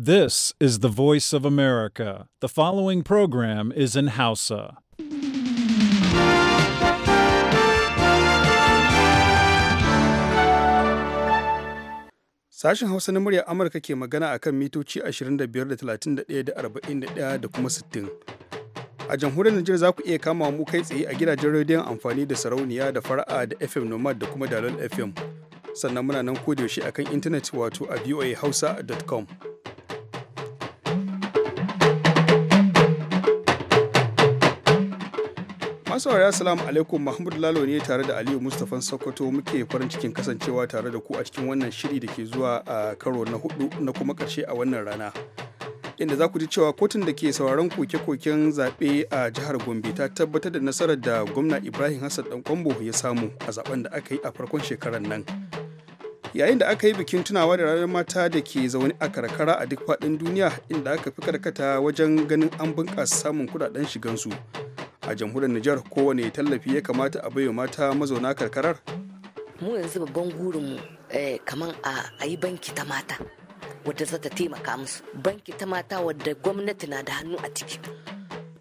This is the voice of America. The following program is in Hausa. Sashen Hausa na muryar Amurka ke magana a kan mitoci 25 da 31 da 41 da kuma 60. A jamhuriyar Nijar za ku iya kama mu kai tsaye a gidajen rediyon amfani da sarauniya da fara'a da FM Nomad da kuma Dalol FM. Sannan muna nan kodayaushe a kan intanet wato a voahausa.com. masu saurari assalamu alaikum mahmud lalo ne tare da aliyu mustapha sokoto muke farin cikin kasancewa tare da ku a cikin wannan shiri da ke zuwa a karo na hudu na kuma karshe a wannan rana inda za ku ji cewa kotun da ke sauraron koke-koken zaɓe a jihar gombe ta tabbatar da nasarar da gwamna ibrahim hassan dan kwambo ya samu a zaben da aka yi a farkon shekarar nan yayin da aka yi bikin tunawa da ranar mata da ke zaune a karkara a duk faɗin duniya inda aka fi karkata wajen ganin an bunƙasa samun kuɗaɗen shigansu su a jamhuriyar Nijar kowane tallafi ya kamata a baiwa mata mazauna karkarar? Mu yanzu babban gurinmu eh, kamar a yi banki ta mata wadda za ta taimaka musu. Banki ta mata wadda gwamnati na da hannu a ciki.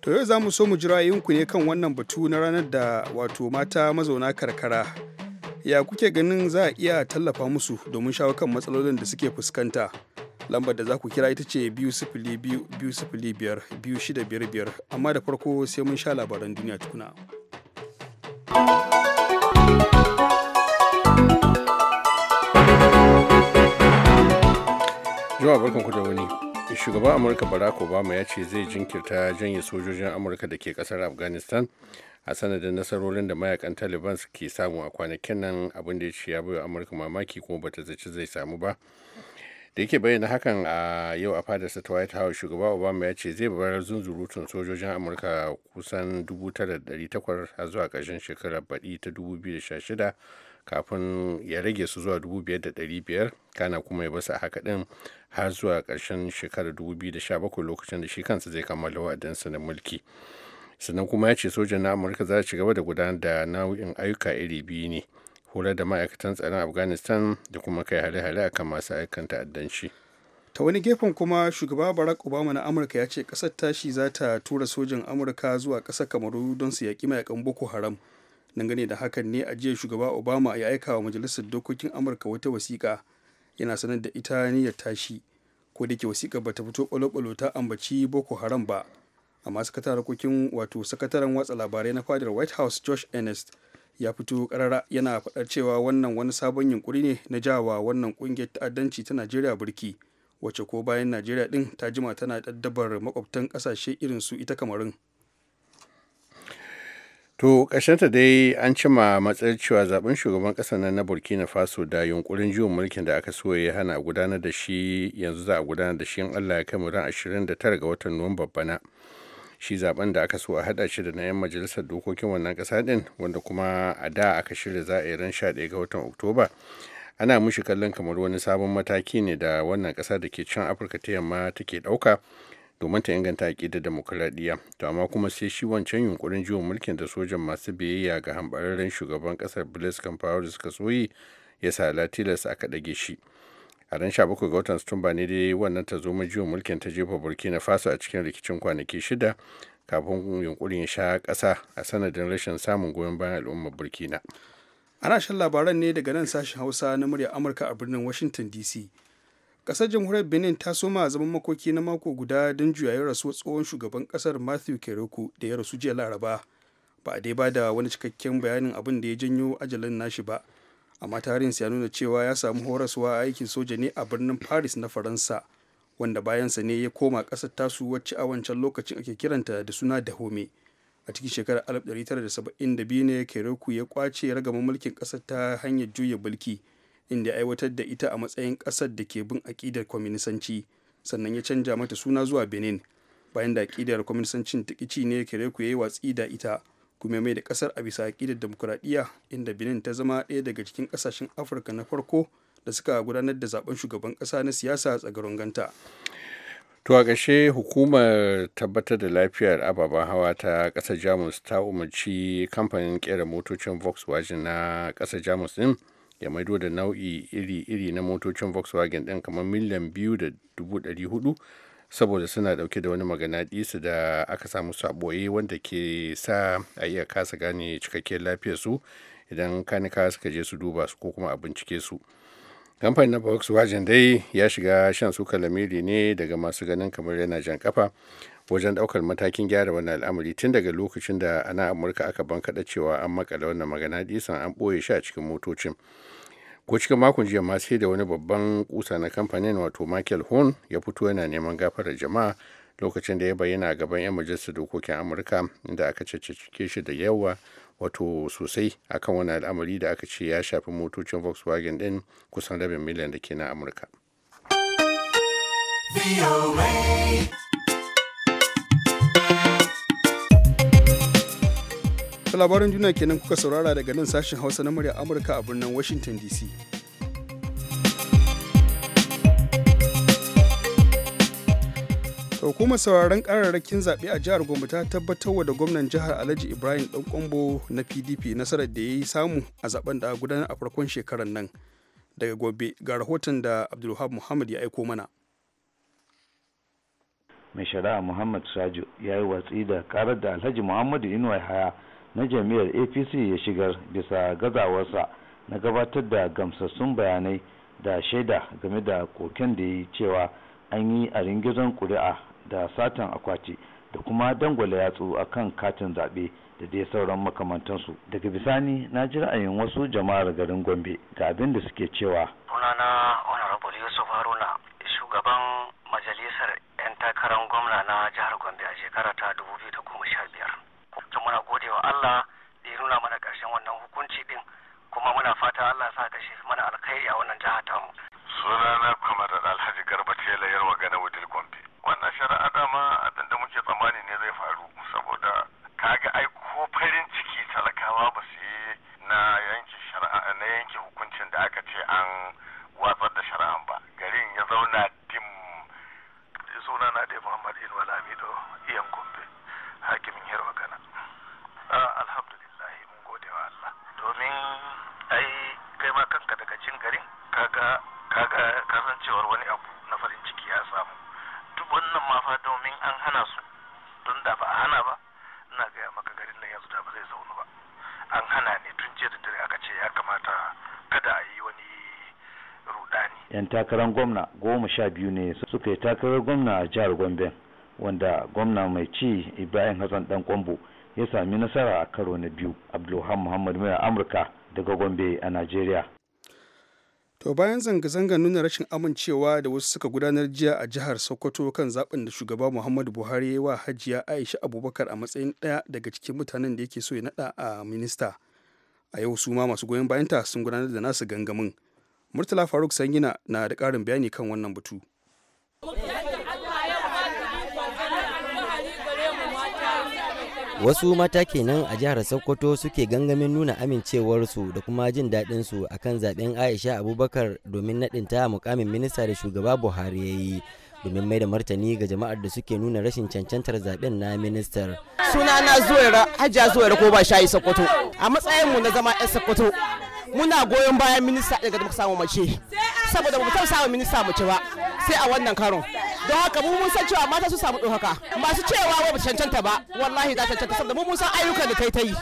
To yau za mu so mu jira yinku ne kan wannan batu na ranar da wato mata mazauna karkara. Ya kuke ganin za a iya tallafa musu domin shawo kan matsalolin da suke fuskanta? lambar da za ku kira ita ce biyu sifili biyu biyu sifili biyar biyu shida biyar amma da farko sai mun sha labaran duniya tukuna. barkan ku da wani. shugaban amurka barack obama ya ce zai jinkirta janye sojojin amurka da ke kasar afghanistan a sanadin nasarorin da mayakan taliban ke samu a kwanakin nan abinda ya ce ya baiwa amurka mamaki kuma bata zaci zai samu ba da yake bayyana hakan a yau a fadarsa ta white house shugaba obama ya ce zai bar zunzurutun sojojin amurka kusan 9,800 a zuwa ƙarshen shekarar baɗi ta 2016 kafin ya rage su zuwa 5,500 kana kuma ya basa haka ɗin har zuwa ƙarshen shekarar 2017 lokacin da shi kansa zai kammala sa na mulki sannan kuma ya ce sojan na amurka za ci gaba da gudanar da nau'in ayyuka iri biyu ne horar da ma'aikatan tsaron afghanistan da kuma kai hare-hare akan masu aikan ta'addanci ta wani gefen kuma shugaba barack obama na amurka ya ce kasar tashi za ta tura sojin amurka zuwa kasar kamaru don su yaƙi mayakan boko haram dangane da hakan ne a jiya shugaba obama ya aika wa majalisar dokokin amurka wata wasiƙa yana sanar da ita niyyar tashi ko da ke wasiƙar bata fito ƙwalo ta ambaci boko haram ba amma sakataren wato sakataren watsa labarai na fadar white house josh ernest ya fito karara yana faɗar cewa wannan wani sabon yunkuri ne na jawa wannan ƙungiyar ta'addanci ta najeriya burki wacce ko bayan najeriya din ta jima tana daddabar makwabtan kasashe irin su ita kamarin to ƙashinta dai an cima matsayar cewa zaben shugaban kasa nan na burkina faso da yunkurin jiwon mulkin da aka so ya hana gudanar da shi yanzu za a gudanar da shi in allah ya kai mu ran 29 ga watan nuwamba bana shi zaben da aka so a hada shi da na 'yan majalisar dokokin wannan kasa din wanda kuma a da aka shirya za a yi ran 11 ga watan oktoba ana mushi kallon kamar wani sabon mataki ne da wannan kasa da ke can afirka ta yamma take dauka domin ta inganta aƙidar demokuraɗiyya to amma kuma sai shi wancan yunkurin jiwon mulkin da sojan masu biyayya ga hambararren shugaban ƙasar blaise compaore suka soyi ya sa latilas aka ɗage shi a ran 17 ga watan satumba ne dai wannan ta zo majiyo mulkin ta jefa burkina faso a cikin rikicin kwanaki shida kafin yunkurin sha kasa a sanadin rashin samun goyon bayan al'ummar burkina ana shan labaran ne daga nan sashen hausa na murya amurka a birnin washington dc kasar jamhuriyar benin ta soma zaman makoki na mako guda don juyayen rasuwar tsohon shugaban kasar matthew keroku da ya rasu jiya laraba ba a dai ba da wani cikakken bayanin abin da ya janyo ajalin nashi ba amma tarihinsa ya nuna cewa ya samu horaswa a aikin soja ne a birnin paris na faransa wanda bayansa ne ya koma ƙasar tasu wacce a wancan lokacin ake kiranta da suna dahome a cikin shekarar 1972 ne kereku ya kwace ragaman mulkin ƙasar ta hanyar juya bulki inda ya aiwatar da ita a matsayin ƙasar da ke bin aƙidar kwaminisanci sannan ya canja mata suna zuwa benin bayan da aƙidar kwaminisancin tikici ne kereku ya yi watsi da ita kuma mai da kasar a bisa aƙidar demokuraɗiyya inda benin ta zama ɗaya daga cikin ƙasashen afirka na farko da suka gudanar da zaben shugaban ƙasa na siyasa tsagaron ganta to a ƙarshe hukumar tabbatar da lafiyar ababen hawa ta ƙasar jamus ta umarci kamfanin ƙera motocin volkswagen na ƙasar jamus din ya maido da nau'i iri-iri na motocin volkswagen din kamar miliyan biyu da dubu saboda suna dauke da wani su da aka samu saboye wanda ke sa a iya kasa gane lafiyar su idan kanika suka je su duba su ko kuma a bincike su kamfanin na volkswagen dai ya shiga shan suka lamiri ne daga masu ganin kamar yana jan kafa wajen daukar matakin gyara wani al'amari tun daga lokacin da ana amurka aka bankaɗa cewa an makala wannan magana disan an ɓoye shi a cikin motocin ko cikin makon jiya ma sai da wani babban kusa na kamfanin wato michael horn ya fito yana neman gafarar jama'a lokacin da ya bayyana gaban 'yan majalisar dokokin amurka inda aka cece shi da yawa wato sosai akan wani al'amari da aka ce ya shafi motocin volkswagen din kusan rabin miliyan da ke na amurka. labaran duniya kenan kuka saurara daga nan sashen Hausa na murya Amurka a birnin Washington DC. hukumar sauraron kararrakin zaɓe a jihar Gombe ta tabbatarwa da gwamnan jihar Alhaji Ibrahim ɗan Ɗanƙwambo na PDP nasarar da ya yi samu a zaben da gudanar a farkon shekarar nan. Daga Gombe ga rahoton da abdulhab Muhammad ya aiko mana. Mai shari'a Muhammad saju ya yi watsi da karar da Alhaji Muhammadu Inuwa Haya na jami'ar apc ya shigar bisa gazawarsa na gabatar da gamsassun bayanai da shaida game da koken da ya yi cewa an yi a ringizon kuri'a da satan akwati da kuma dangwale yatsu a kan katin zaɓe da dai sauran makamantansu daga bisani na ji ra'ayin wasu jama'ar garin gombe ga abin da suke cewa takarar gwamna goma sha biyu ne suka yi takarar gwamna a jihar gombe wanda gwamna mai ci ibrahim hassan dan kwambo ya sami nasara a karo na biyu abdulham muhammad mai amurka daga gombe a nigeria. to bayan zanga-zanga nuna rashin amincewa da wasu suka gudanar jiya a jihar sokoto kan zaben da shugaba muhammadu buhari ya wa hajiya aisha abubakar a matsayin ɗaya daga cikin mutanen da yake so ya naɗa a minista a yau su ma masu goyon bayanta sun gudanar da nasu gangamin Murtala Faruk Sangina na da ƙarin bayani kan wannan batu. Wasu mata kenan a jihar Sokoto suke gangamin nuna amincewarsu da kuma jin daɗin a kan zaɓen Aisha Abubakar domin naɗinta mukamin minista da shugaba Buhari ya yi domin mai da martani ga jama'ar da suke nuna rashin cancantar zaben na ministar. na zuwa Hajiya zuwa ko ba shayi Sokoto. A matsayinmu na zama 'yan Sokoto, muna goyon bayan minista daga da muka samu mace saboda ba mu taɓa samun minista mace ba sai a wannan karon don haka mu mun san cewa mata su samu ɗaukaka masu cewa wai ba cancanta ba wallahi za ta cancanta saboda mu mun san ayyukan da ta yi ta yi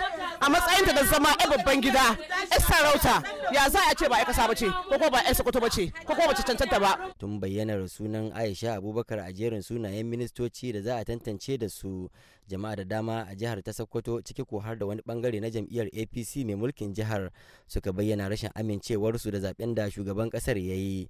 a matsayinta da zama 'yan babban gida ya sarauta ya za a ce ba aikasa ba ce ko ko ba yan sokoto ba ce ko ko ba cancanta ba tun bayyanar sunan aisha abubakar a jerin sunayen ministoci da za a tantance da su jama'a da dama a jihar ta sokoto ciki ko har da wani bangare na jam'iyyar apc mai mulkin jihar suka bayyana rashin amincewarsu da zaben da shugaban kasar ya yi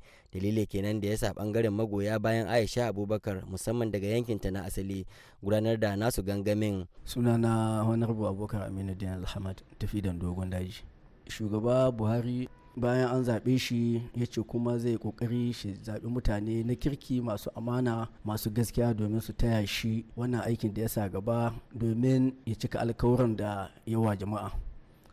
kenan da yasa bangaren magoya bayan aisha abubakar musamman daga yankin ta na asali gudanar da nasu gangamin sunana honorable abubakar aminu din alhamad tafi dogon daji shugaba buhari bayan an zaɓe shi ya ce kuma zai kokari shi zaɓi mutane na kirki masu amana masu gaskiya domin su taya shi wannan aikin da ya sa gaba domin ya cika alkawuran da yawa jama'a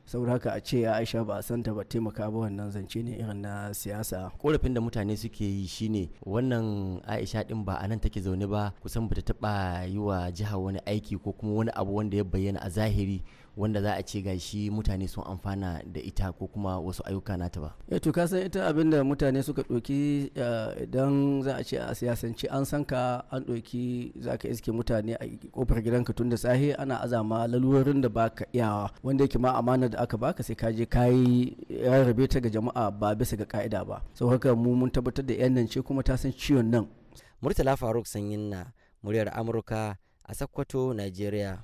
saboda haka a ce aisha ba a san ta ba taimaka ba wannan zance ne irin na siyasa korafin da mutane suke yi shine wannan aisha din ba a nan take zaune ba kusan ba ta taba yi wa jiha wani aiki ko kuma wani abu wanda ya bayyana a zahiri wanda za a ce ga shi mutane sun amfana da ita ko kuma wasu ayyuka nata ba eh to kasan ita abin da mutane suka ɗoki eh, idan za a ce a siyasance an san ka an ɗoki za ka iske mutane a kofar gidanka tun da sahi ana azama lalurorin da baka iyawa wanda yake ma amana da aka baka sai ka je ka yi rarrabe ta ga jama'a ba bisa ga ka'ida ba sau haka mu mun tabbatar da 'yan nan ce kuma ta san ciwon nan murtala faruk sanyin na muryar amurka a sakkwato nigeria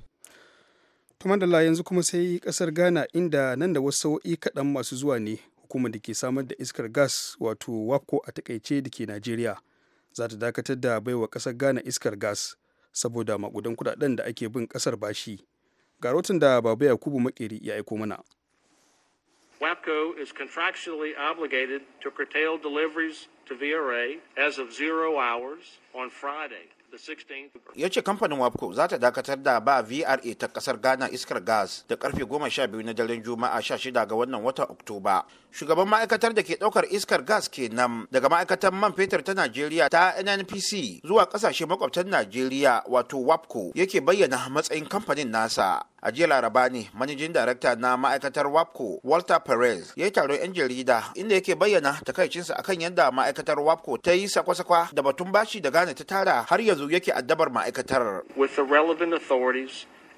to da yanzu kuma sai kasar Ghana inda nan da wasu sau'i kaɗan masu zuwa ne hukumar da ke samar da iskar gas wato WAPCO a takaice da ke Najeriya za ta dakatar da baiwa kasar Ghana iskar gas saboda maƙudan kudaden da ake bin kasar bashi. Ga da babu Yakubu maƙeri ya aiko mana. WAPCO is contractually obligated to curtail deliveries to VRA as of zero hours on Friday. ya ce kamfanin wapco za ta dakatar da ba vra ta kasar ghana iskar gas da karfe 12 na daren juma'a 16 ga wannan watan oktoba shugaban ma'aikatar da ke daukar iskar gas kenan daga ma'aikatar man fetur ta najeriya ta nnpc zuwa kasashe makwabtan najeriya wato wapco yake bayyana matsayin kamfanin nasa a jiya laraba ne manajin darakta na ma'aikatar wapco walter perez ya yi taron 'yan jarida inda yake bayyana takaicinsa akan yadda ma'aikatar wapco ta yi sakwasakwa sakwa da batun bashi da ghana ta tara har yanzu yanzu yake addabar ma'aikatar.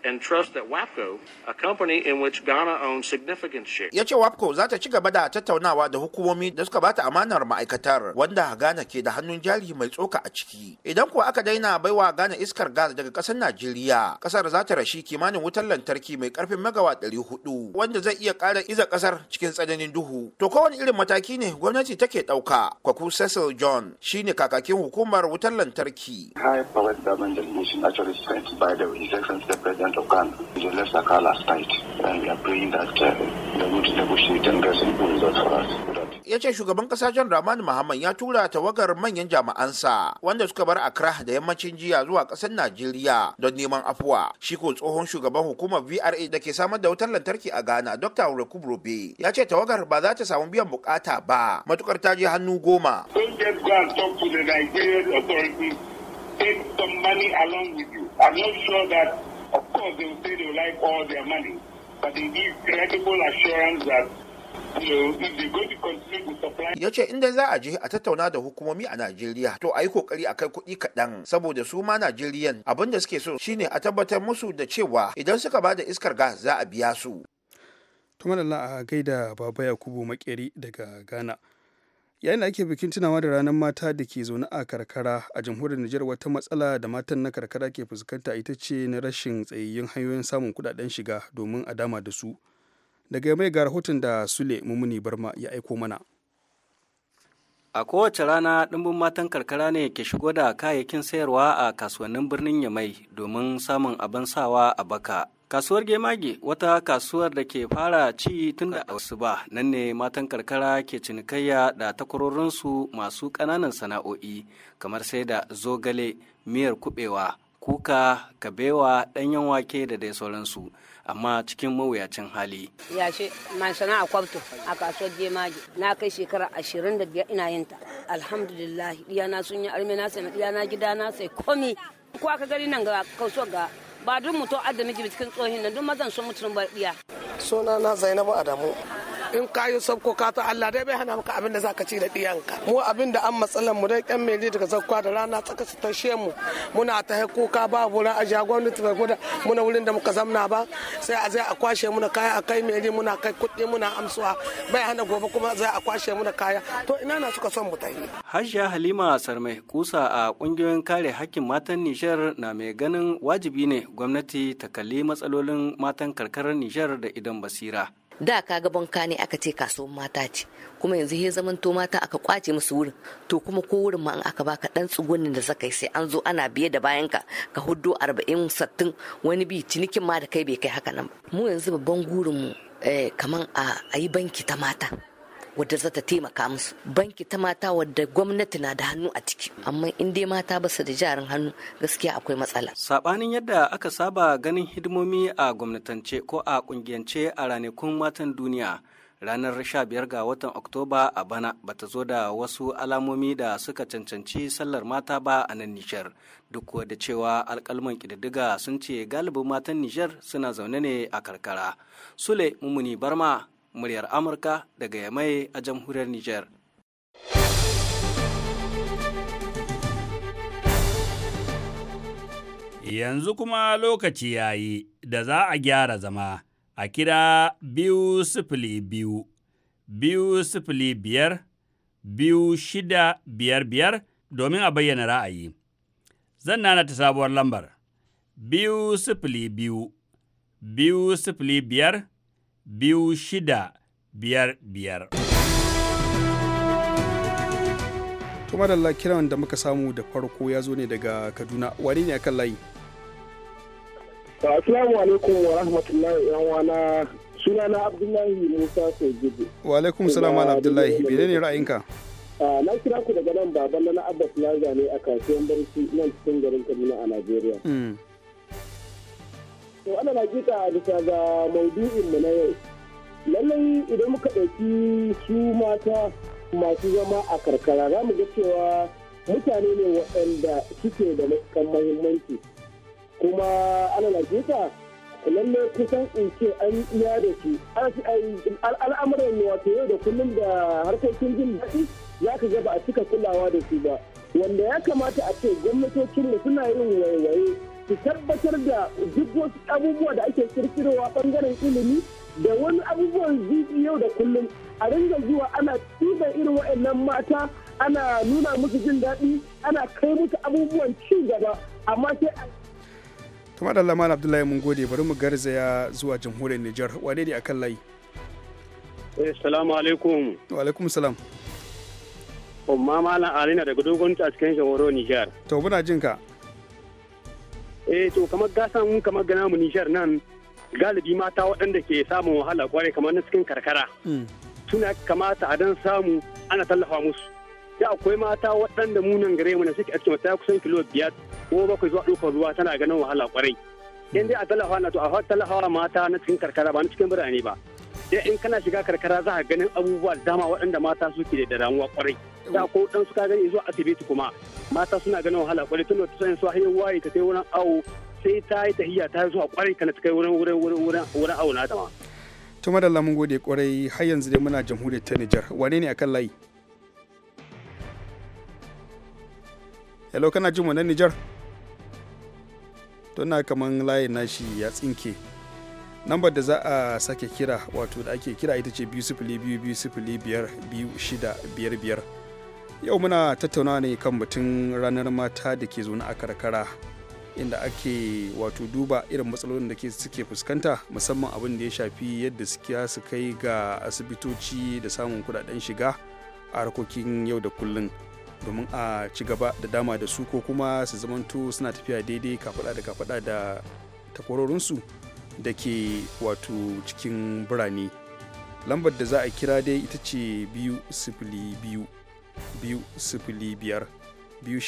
and Trust that WAPCO, a company in which Ghana owns significant share. Ya ce WAPCO za ta ci gaba da tattaunawa da hukumomi da suka bata amanar ma'aikatar wanda Ghana ke da hannun jari mai tsoka a ciki. Idan kuwa aka daina baiwa Ghana iskar gas daga ƙasar Najeriya, ƙasar za ta rashi kimanin wutar lantarki mai ƙarfin megawa 400 wanda zai iya ƙara iza ƙasar cikin tsananin duhu. To kowane irin mataki ne gwamnati take ɗauka. Kwaku Cecil John shine kakakin hukumar wutar lantarki. High power government actually sent by the President government of Ghana a and we are praying that uh, they would negotiate and get results for us. ya ce shugaban kasa john dramani muhammad ya tura tawagar manyan jami'ansa wanda suka bar accra da yammacin jiya zuwa kasar najeriya don neman afuwa shi ko tsohon shugaban hukumar vra da ke samar da wutar lantarki a ghana dr reku robe ya ce tawagar ba za ta samu biyan bukata ba matukar ta je hannu goma I'm not sure that Of course, they will say they will like all their money, but they give credible assurance that yace inda za a je a tattauna da hukumomi a najeriya to a yi kokari a kai kuɗi kaɗan saboda su ma najeriyan abin da suke so shine a tabbatar musu da cewa idan suka ba da iskar gas za a biya su tumanalla a gaida baba yakubu makeri daga ghana yayin da ake bikin tunawa da ranar mata da ke zaune a karkara a jamhuriyar Nijar wata matsala da matan na karkara ke fuskanta ita ce na rashin tsayayyun hanyoyin samun kudaden shiga domin a dama da su daga mai ga rahoton da Sule Mumuni Barma ya aiko mana a kowace rana ɗimbin matan karkara ne ke shigo da kayayyakin sayarwa a kasuwannin birnin Yamai domin samun abin sawa a baka Kasuwar Gemage wata kasuwar da ke fara ci tun da wasu ba nan ne matan karkara ke cinikayya da takwarorinsu masu ƙananan sana'o'i kamar sai da zogale, miyar kubewa, kuka, kabewa, ɗanyen wake da dai sauransu. amma cikin mawuyacin hali. Yashe man sana'a kwabto a kasuwar Gemage na kai shekara ashirin da biyar ina yinta. Alhamdulillah diyana sun yi arme na sai diyana gida na sai komi. Ko aka gari nan ga kasuwar ga ba duk mutum adda miji cikin tsohin nan duk mazan sun mutum bar iya. Suna na Zainabu Adamu. in ka yi sabko ka ta Allah dai bai hana maka abin da zaka ci da diyanka mu abin da an matsalan mu dai kyan meli daga zakwa da rana tsaka su tashe mu muna ta kuka ba bura a jagon da gwada muna wurin da muka zamna ba sai a zai a kwashe muna kaya a kai meli muna kai kuɗi muna amsuwa bai hana gobe kuma zai a kwashe muna kaya to ina na suka son mu ta yi Hajiya Halima Sarmai kusa a kungiyoyin kare hakkin matan Nijar na mai ganin wajibi ne gwamnati ta kalli matsalolin matan karkarar Nijar da idan basira. da ka ga banka ne aka ce kasuwan mata ce kuma yanzu he zaman to mata aka kwace musu wurin to kuma ko wurin ma in aka baka dan tsugunin da zaka yi sai an zo ana biye da bayan ka ka huddo 40 sattin wani bi cinikin ma da kai bai kai haka nan mu yanzu babban gurin mu eh, kaman a yi banki ta mata wadda za ta taimaka musu banki ta mata wadda gwamnati na da hannu a ciki amma in dai mata ba su da jarin hannu gaskiya akwai matsala sabanin yadda aka saba ganin hidimomi a gwamnatance ko a kungiyance a ranakun matan duniya ranar 15 ga watan oktoba a bana ba ta zo da wasu alamomi da suka cancanci sallar mata ba a nan nishar duk da cewa alkalman ƙididdiga sun ce galibin matan nishar suna zaune ne a karkara sule mummuni barma muryar Amurka daga Yamai a jamhuriyar Nijar. Yanzu kuma lokaci ya yi da za a gyara zama a kira biyu sifili biyu, biyu sifili biyar, biyu shida biyar biyar domin a bayyana ra'ayi. Zan nana ta sabuwar lambar biyu sifili biyu, biyu sifili biyar, biyu shida biyar biyar. kuma da kiran da muka samu da farko ya zo ne daga Kaduna, wani ne akan layi? Assalamu alaikum wa rahmatullahi yan wana suna na Abdullahi Musa Sojibu. Wa alaikum salam ala Abdullahi, bene ne ra'ayinka? Ah, na kira ku daga nan baban na Abbas Laza ne a kasuwan barci nan cikin garin Kaduna a Najeriya. Hmm. To ana a bisa ga maudu'in mu na yau. Lallai idan muka ɗauki su mata masu zama a karkara za mu ga cewa mutane ne waɗanda suke da matukan mahimmanci. Kuma ana hakika lallai kusan in ce an iya da su al'amuran wato yau da kullum da harkokin jin daɗi za ka ga a cika kulawa da su ba wanda ya kamata a ce gwamnatocin mu suna yin waiwaye su tabbatar da duk wasu abubuwa da ake kirkirowa bangaren ilimi da wani abubuwan zuci yau da kullum a ringa zuwa ana tuba irin waɗannan mata ana nuna musu jin daɗi ana kai musu abubuwan ci gaba amma sai a kuma da lamar abdullahi mun gode bari mu garzaya zuwa jamhuriyar nijar wane ne akan layi assalamu eh, alaikum wa alaikum salam umma malam alina daga dogon ta cikin jamhuriyar nijar to muna jin ka eh to kamar gasan kamar gana mu nishar nan galibi mata waɗanda ke samun wahala kware kamar na cikin karkara mm. suna kamata a dan samu ana tallafa musu da akwai mata waɗanda munan gare mu na suke ake mata kusan kilo biyar ko bakwai zuwa ɗaukar ruwa tana ganin wahala kwarai yan dai a tallafa na to a tallafa mata na cikin karkara ba na cikin birane ba dan in kana shiga karkara za ka ganin abubuwa da dama waɗanda mata suke da damuwa kwarai da ko dan suka gani zuwa asibiti kuma mata suna ganin wahala kwarai tun da tsayin su hayin waye ta kai wurin awo sai ta yi tahiya ta zuwa kwarai kana ta kai wurin wurin wurin wurin awo na dama to madalla mun gode kwarai har yanzu dai muna jamhuriyar ta Nijar wane ne akan layi hello kana jin wannan Nijar to na kaman layin nashi ya tsinke lambar da za a sake kira wato da ake kira ita ce biyu sifili biyu biyu sifili biyar biyu shida yau muna tattauna ne kan batun ranar mata da ke zaune a karkara inda ake wato duba irin matsalolin da suke fuskanta musamman abin da ya shafi yadda suke su kai ga asibitoci da samun kudaden shiga a harkokin yau da kullun domin a ci gaba da dama da su ko kuma su zamanto suna tafiya daidai kafada da kafada da takwarorinsu da ke wato cikin birane lambar da za a kira dai ita ce biyu sifili biyu biyu sifili biyar biyu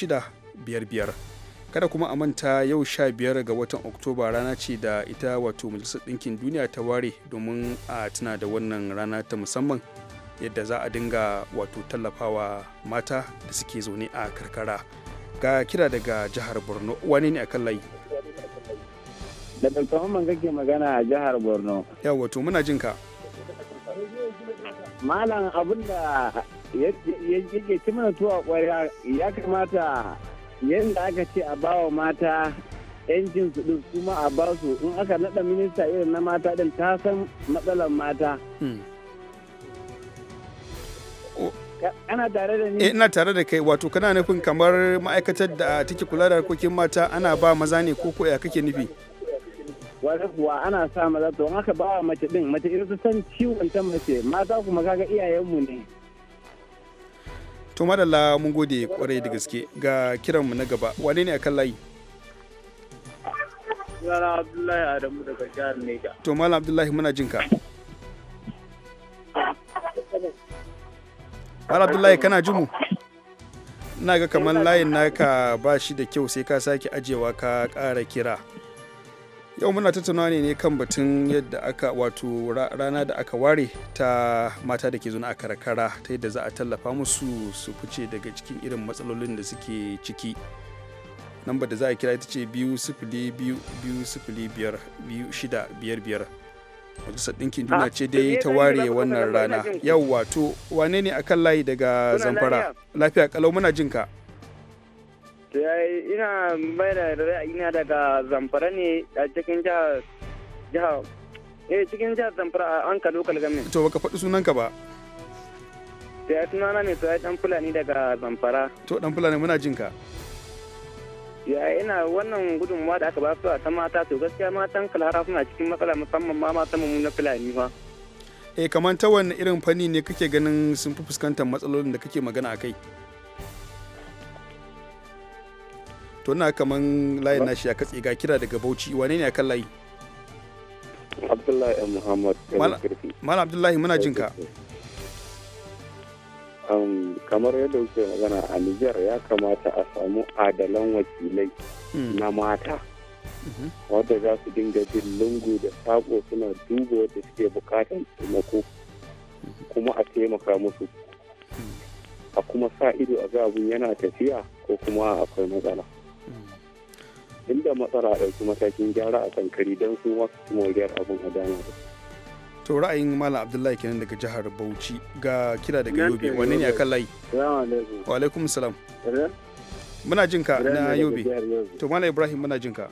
kada kuma a manta yau sha biyar ga watan oktoba rana ce da ita wato majalisar ɗinkin duniya ta ware domin a tuna da wannan rana ta musamman yadda za a dinga wato tallafawa mata da suke zaune a karkara ga kira daga jihar borno wani ne a kan layi da Dr. Mamman kake magana a jihar Borno. yawa to muna jin Malam abin da yake ci mana tuwa kwarya ya kamata yadda aka ce a bawa mata yancin su din kuma a ba su in aka nada minista irin na mata din ta san matsalar mata. Hmm. Eh, ina tare da kai wato kana nufin kamar ma'aikatar da take kula da harkokin mata ana ba maza ne ko ko ya kake nufi? wani kuwa ana sa maza to haka ba wa mace din mace in su san ciwon ta mace mata kuma kaga iyayenmu ne to madalla mun gode kwarai da gaske ga kiran mu na gaba wane ne akan layi Sunana Abdullahi Adamu daga jihar Niger. To Malam Abdullahi muna jin ka. Malam Abdullahi kana jin mu? Ina ga kamar layin naka ba shi da kyau sai ka sake ajewa ka ƙara kira. yau muna tattauna ne kan batun yadda aka wato rana da aka ware ta mata da ke zuna a karkara ta yadda za a tallafa musu su fice daga cikin irin matsalolin da suke ciki lambar da za a kira ita ce biyu sifili biyu biyu sifili biyar biyu shida biyar biyar ɗinkin juna ah, ce dai ta ware wannan rana yau wato wane ne akan layi daga zamfara lafiya kalau muna jinka ka ina mai da ina daga zamfara ne a cikin jihar eh cikin jihar zamfara a an kalgan ne. to baka faɗi sunanka ba da ya tunana ne to ya dan fulani daga zamfara to dan fulani muna jin ka ya ina wannan gudunmawa da aka ba su a ta mata to gaskiya matan kalara suna cikin matsala musamman ma matan mu na fulani ba eh kamar ta wani irin fanni ne kake ganin sun fi fuskantar matsalolin da kake magana a kai to ina kaman layin nashi ya katse ga kira daga Bauchi wane ne akan layi Abdullahi Muhammad Malam Abdullahi muna jin ka kamar yadda kuke magana a Nijar ya kamata a samu adalan wakilai hmm. na mata mhm. wadda za su dinga bin lungu da sako suna duba wadda suke bukatan taimako mhm. kuma a taimaka musu hmm. a kuma sa ido a abun yana tafiya ko kuma akwai matsala inda matsala a ɗauki matakin gyara a sankari don su masu moriyar abin a dama da to ra'ayin malam abdullahi kenan daga jihar bauchi ga kira daga yobe wani ne akan layi wa alaikum salam muna jin ka na yobe to malam ibrahim muna jin ka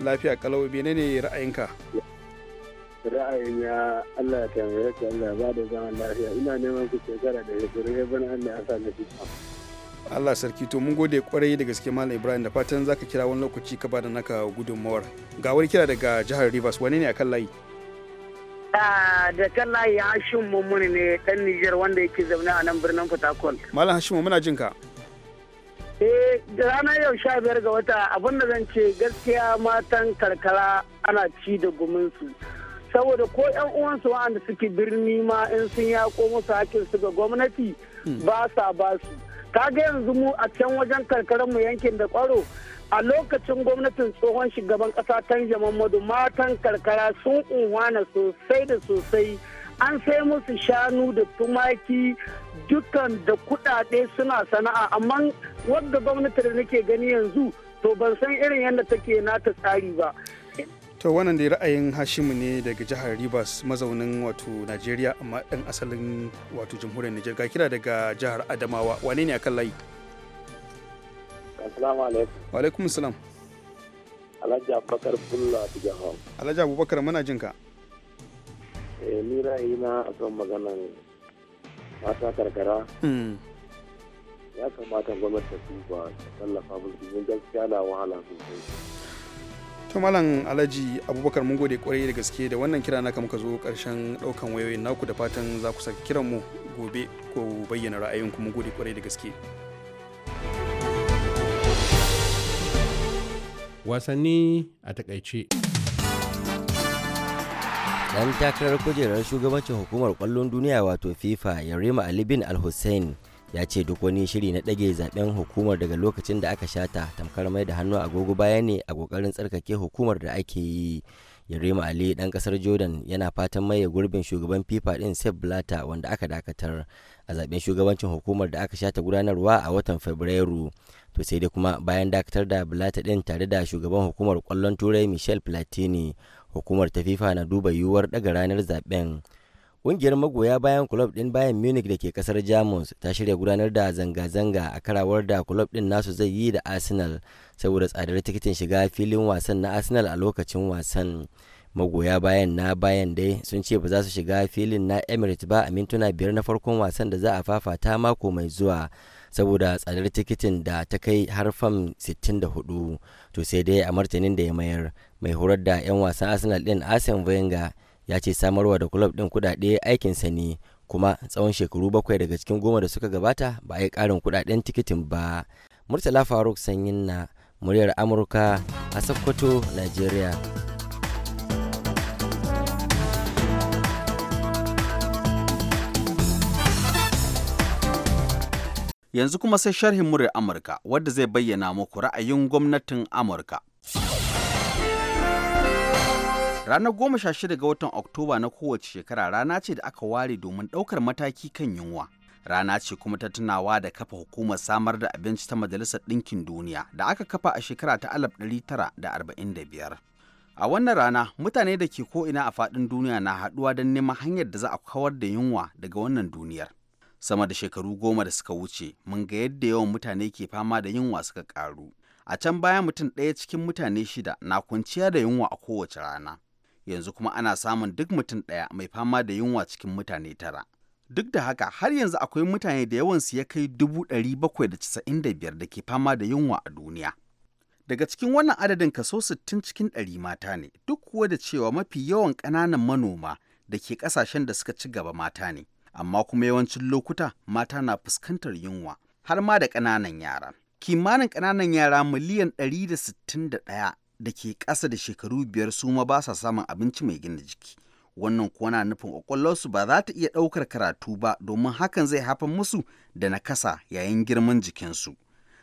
lafiya kalau bene ne ra'ayinka ra'ayin ya Allah ya tambaye ya Allah ya ba da zaman lafiya ina neman ku shekara da shekaru ya bana hannu ya sa na fita Allah sarki to mun gode kwarai da gaske Malam Ibrahim da fatan zaka kira wani lokaci ka bada naka gudunmawar. Ga wani kira daga jihar Rivers wani ne akan layi? da kan layi Hashim Mummuni ne dan Nijar wanda yake zaune a nan birnin harcourt. Malam Hashim muna jin ka. Eh da rana yau sha biyar ga wata abin da zan ce gaskiya matan karkara ana ci da guminsu. saboda ko yan uwansu wa'anda suke birni ma in sun yako musu hakin su ga gwamnati hmm. ba sa ba su. kaga yanzu mu a can wajen karkarar mu yankin da kwaro a lokacin gwamnatin tsohon shugaban kasa jama'a madu matan karkara sun unwana sosai da sosai an sai musu shanu da tumaki dukkan da kudade suna sana'a amma wadda gwamnati da nake gani yanzu to ban san irin yadda take nata tsari ba to wannan da ra'ayin hashimu ne daga jihar rivers mazaunin wato najeriya amma ɗan asalin wato jamhuriyar niger ga kira daga jihar adamawa wane ne akan layi assalamu alaikum wa alaikum salam alhaji abubakar bulla ta jihar alhaji abubakar muna jin ka eh ni ra'ayi na akan maganan mata karkara hmm. ya kamata gwamnati ta duba ta tallafa musu gaskiya na wahala sosai to malam alhaji abubakar mun gode kwarai da gaske da wannan kira naka muka zo karshen daukan wayoyin naku da fatan za ku saki kiran mu gobe ko bayyana ra'ayin ku mun gode kwarai da gaske wasanni a takaice dan takarar kujerar shugabancin hukumar kwallon duniya wato fifa yarima ali bin al-hussein ya ce duk wani shiri na ɗage zaɓen hukumar daga lokacin da aka shata tamkar mai da hannu agogo baya ne a ƙoƙarin tsarkake hukumar da ake yi yarima ali ɗan ƙasar jordan yana fatan maye gurbin shugaban fifa ɗin sef blata wanda aka dakatar a zaɓen shugabancin hukumar da aka shata gudanarwa a watan fabrairu to sai dai kuma bayan dakatar da blata ɗin tare da shugaban hukumar ƙwallon turai michel platini hukumar ta fifa na duba yiwuwar ɗaga ranar zaɓen. Ƙungiyar magoya bayan kulob ɗin bayan Munich da ke kasar Jamus ta shirya gudanar da zanga-zanga a karawar da kulob ɗin nasu zai yi da Arsenal saboda tsadar tikitin shiga filin wasan na Arsenal a lokacin wasan. Magoya bayan na bayan dai sun ce ba za su shiga filin na Emirates ba a mintuna biyar na farkon wasan da za a fafata mako mai zuwa saboda tsadar tikitin da ta kai har fam 64 to sai dai a martanin da ya mayar mai horar da 'yan wasan Arsenal ɗin Arsene Wenger ya ce samarwa da kulob ɗin kuɗaɗe aikinsa ne kuma tsawon shekaru bakwai daga cikin goma da suka gabata ba a yi karin kuɗaɗen tikitin ba murtala faruk sanyin na muryar amurka a sokoto nigeria yanzu kuma sai sharhin muryar amurka wadda zai bayyana muku ra'ayin gwamnatin amurka Ranar goma sha shida ga watan Oktoba na kowace shekara rana ce da aka ware domin ɗaukar mataki kan yunwa. Rana ce kuma ta tunawa da kafa hukumar samar da abinci ta Majalisar Ɗinkin Duniya da aka kafa a shekara ta ɗari tara da da arba'in biyar. A wannan rana mutane da ke ko'ina a faɗin duniya na haɗuwa don neman hanyar da za a kawar da yunwa daga wannan duniyar. Sama da shekaru goma da suka wuce, mun ga yadda yawan mutane ke fama da yunwa suka ƙaru. A can baya mutum ɗaya cikin mutane shida na kwanciya da yunwa a kowace rana. yanzu kuma ana samun duk mutum ɗaya mai fama da yunwa cikin mutane tara. Duk da haka har yanzu akwai mutane da yawansu ya kai dubu ɗari bakwai da casa'in da biyar da ke fama da yunwa a duniya. Daga cikin wannan adadin kaso sittin cikin ɗari mata ne, duk kuwa da cewa mafi yawan ƙananan manoma da ke ƙasashen da suka ci gaba mata ne, amma kuma yawancin lokuta mata na fuskantar yunwa har ma da ƙananan yara. Kimanin ƙananan yara miliyan ɗari da sittin da ɗaya da ke ƙasa da shekaru biyar su ma ba sa samun abinci mai gina jiki wannan kuwa na nufin ƙwaƙwalwarsu ba za ta iya ɗaukar karatu ba domin hakan zai haifar musu da nakasa yayin girman jikinsu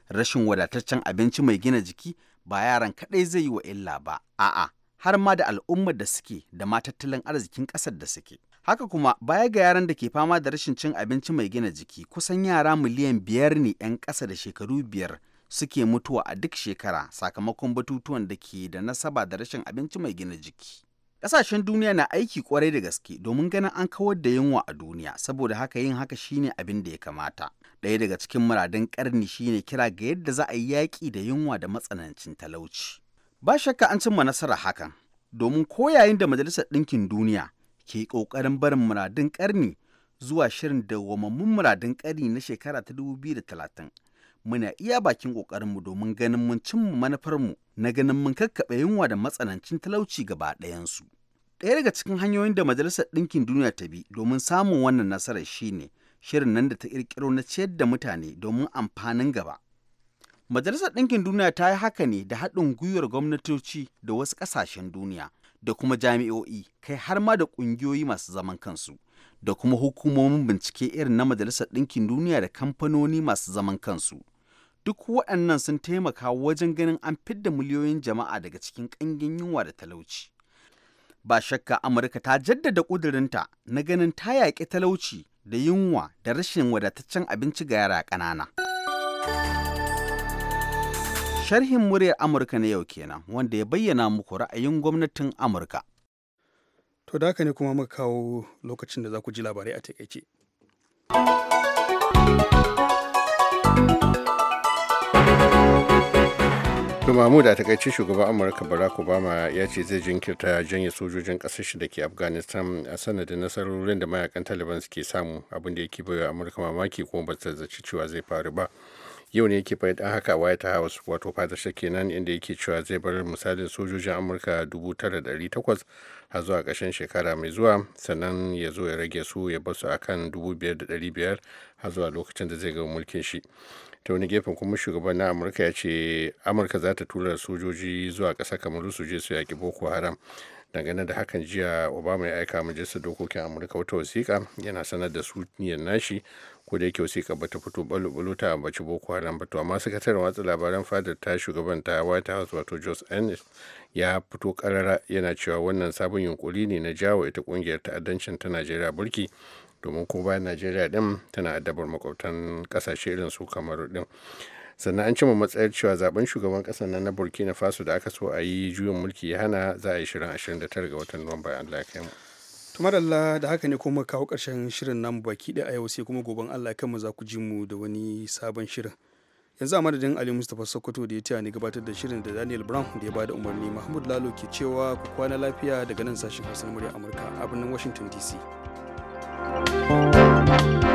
rashin wadataccen abinci mai gina jiki ba yaran kaɗai zai yi wa illa ba a'a har ma da al'ummar da suke da ma tattalin arzikin ƙasar da suke haka kuma baya ga yaran da ke fama da rashin cin abinci mai gina jiki kusan yara miliyan biyar ne 'yan ƙasa da shekaru biyar suke mutuwa a duk shekara sakamakon batutuwan da ke da nasaba da rashin abinci mai gina jiki. Ƙasashen duniya na aiki kwarai da gaske domin ganin an kawar da yunwa a duniya saboda haka yin haka shine abin da ya kamata. Ɗaya daga cikin muradun ƙarni shine kira ga yadda za a yi yaƙi da yunwa da matsanancin talauci. Ba shakka an cimma nasarar hakan domin ko yayin da Majalisar Ɗinkin Duniya ke ƙoƙarin barin muradun ƙarni zuwa shirin dawwamammun muradun ƙarni na shekara ta 2030. muna iya bakin ƙoƙarinmu domin ganin mun cimma mu na ganin mun kakkaɓe yunwa da matsanancin talauci gaba ɗayansu. Ɗaya daga cikin hanyoyin da Majalisar Ɗinkin Duniya ta bi domin samun wannan nasarar shine shirin nan da ta ƙirƙiro na ciyar da mutane domin amfanin gaba. Majalisar Ɗinkin Duniya ta yi haka ne da haɗin gwiwar gwamnatoci da wasu ƙasashen duniya da kuma jami'o'i kai har ma da ƙungiyoyi masu zaman kansu da kuma hukumomin bincike irin na Majalisar Ɗinkin Duniya da kamfanoni masu zaman kansu. duk waɗannan sun taimaka wajen ganin an fidda miliyoyin jama'a daga cikin ƙangin yunwa da talauci. Ba shakka Amurka ta jaddada ƙudurinta na ganin ta yaƙi talauci da yunwa da rashin wadataccen abinci ga yara ƙanana. Sharhin muryar Amurka na yau kenan wanda ya bayyana muku ra'ayin gwamnatin Amurka. To da ne kuma muka kawo lokacin da za ku ji labarai a taƙaice. to mahmud a takaice shugaban amurka barack obama ya ce zai jinkirta janye sojojin kasar shi da ke afghanistan a sanadin nasarorin da mayakan taliban suke samu abin da yake baiwa amurka mamaki kuma ba ta zaci cewa zai faru ba yau ne yake faɗin haka white house wato fadarsa kenan inda yake cewa zai bar misalin sojojin amurka 9,800 har zuwa ƙarshen shekara mai zuwa sannan ya zo ya rage su ya basu akan 5,500 har zuwa lokacin da zai ga mulkin shi ta wani gefen kuma shugaban na amurka ya ce amurka za ta tura sojoji zuwa ƙasa kamaru su je su yaƙi boko haram dangane da hakan jiya obama ya aika majalisar dokokin amurka wata wasiƙa yana sanar da su niyyar nashi ko da yake wasiƙa ba ta fito balo ta ambaci boko haram ba to amma sakataren watsa labaran fadar ta shugaban ta white house wato jos ennis ya fito karara yana cewa wannan sabon yunkuri ne na jawo ita kungiyar ta'addancin ta najeriya burki domin ko bayan najeriya din tana addabar makwabtan kasashe irin su kamar din sannan an cimma matsayar cewa zaben shugaban kasar na burkina faso da aka so a yi juyin mulki ya hana za a yi shirin 29 ga watan nuwamba allah ya mu tumar allah da haka ne kuma kawo karshen shirin namu baki da a yau sai kuma goben allah kan mu za ku ji mu da wani sabon shirin yanzu a madadin ali mustapha sokoto da ya taya ni gabatar da shirin da daniel brown da ya bada umarni mahmud lalo ke cewa ku kwana lafiya daga nan sashen hausa murya amurka a birnin washington dc Música